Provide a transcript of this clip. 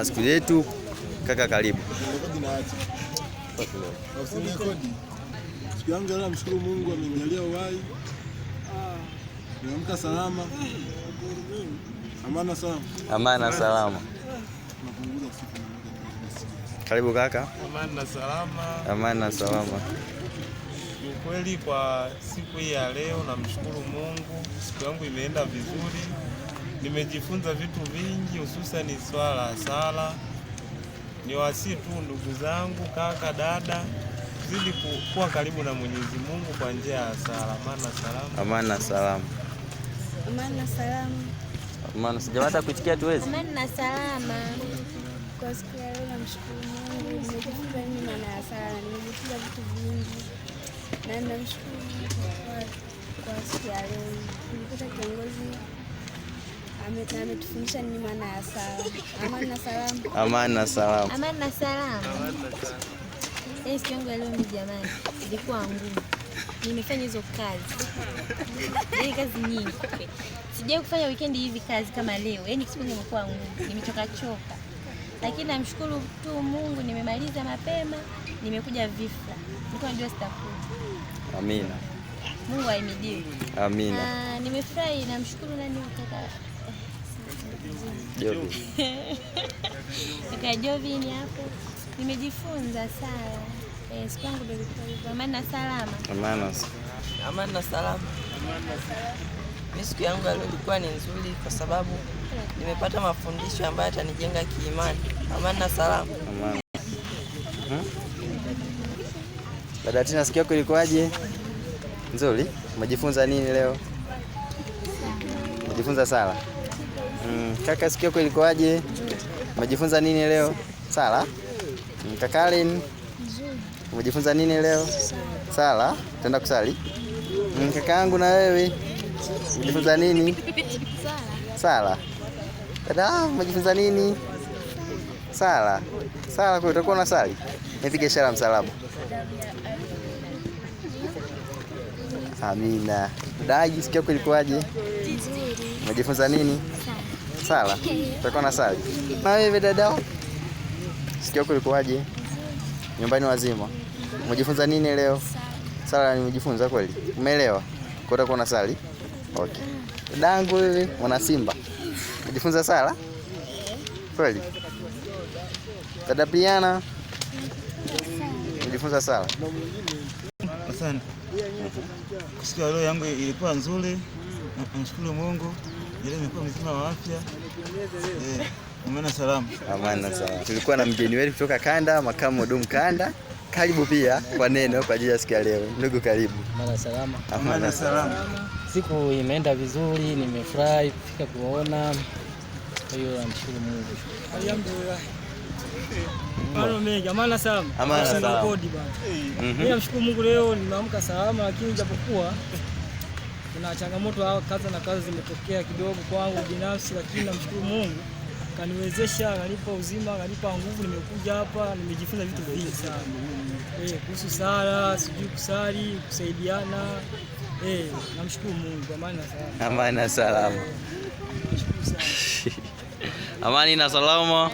na siku yetu kaka, karibu siku yangu leo. Namshukuru Mungu amenijalia uhai, salama, amana salama, amana salama. Karibu kaka, amana salama, amana salama. kwa siku hii ya leo namshukuru Mungu, siku yangu imeenda vizuri nimejifunza vitu vingi, hususan swala sala. Ni wasi tu ndugu zangu, kaka, dada, zidi kuwa karibu na Mwenyezi Mungu kwa njia ya sala. Amana salamu, amana salamu, amana salamu, amana sijawata amana kuitikia tuwezi, amana salama. Kwa siku ya leo namshukuru Mungu, nimejifunza nini maana ya sala, nimejifunza vitu vingi na namshukuru kwa siku ya leo. Nilipata kiongozi ametufundisha Amani na salamu. Amani na salamu. Amani eh, Siku yangu ya leo ni jamani, ilikuwa ngumu. Nimefanya hizo kazi yaani kazi nyingi, sijawahi kufanya weekend hivi kazi kama leo, yaani siku nimekuwa ngumu, nimechoka choka, lakini namshukuru tu Mungu, nimemaliza mapema, nimekuja vifla, nilikuwa najua sitakuja. Amina. Mungu aimidiwe. Amina. Ah, nimefurahi, namshukuru nani kaka Jovi. Kaka hapo. Nimejifunza Eh, siku yangu ndio ilikuwa na salama. Amani na salama. Amani na salama. Mimi siku yangu ilikuwa ni nzuri kwa sababu nimepata mafundisho ambayo yatanijenga kiimani. Amani na salama. Amani. Hmm? Dada Tina, siku yako ilikuwaje? Nzuri? Umejifunza nini leo? Umejifunza sala? Mm, kaka siku yako ilikuwaje? Umejifunza nini leo? Sala? Mm, kaka Allen. Umejifunza nini leo? Sala? Tenda kusali. Mm, kaka yangu na wewe. Umejifunza nini? Sala. Dada, umejifunza nini? Sala. Sala kwa utakuwa na sali. Nipige ishara msalaba. Amina. Dada, siku yako ilikuwaje? Umejifunza nini? sala utakuwa na sala. Na wewe dada, sikio kulikuwaje? Nyumbani wazima, umejifunza nini leo? Sala nimejifunza kweli, umeelewa? Kwa utakuwa na sali. Okay dadangu, wewe mwana Simba, umejifunza sala kweli? Dada piana umejifunza sala? Asante. Kusikia leo yangu ilikuwa nzuri, namshukuru Mungu mzima wa afya. Eh, Amana Tulikuwa na mgeni wetu kutoka kanda, makamu dumu kanda. Karibu pia kwa neno kwa ajili ya siku ya leo. Ndugu karibu. Amana salama. Amana salama. Siku imeenda vizuri, nimefurahi kufika kuona. Kwa hiyo namshukuru Mungu. Alhamdulillah. Mhm. Mimi namshukuru Mungu leo nimeamka salama, lakini japokuwa kuna changamoto hapa kaza na kaza zimetokea kidogo kwangu binafsi, lakini namshukuru Mungu kaniwezesha, kanipa uzima, kanipa nguvu. Nimekuja hapa nimejifunza vitu vingi sana eh, kuhusu sala, sijui kusali, kusaidiana eh, namshukuru Mungu. Amani na salama, amani na salama, eh, amani na salama.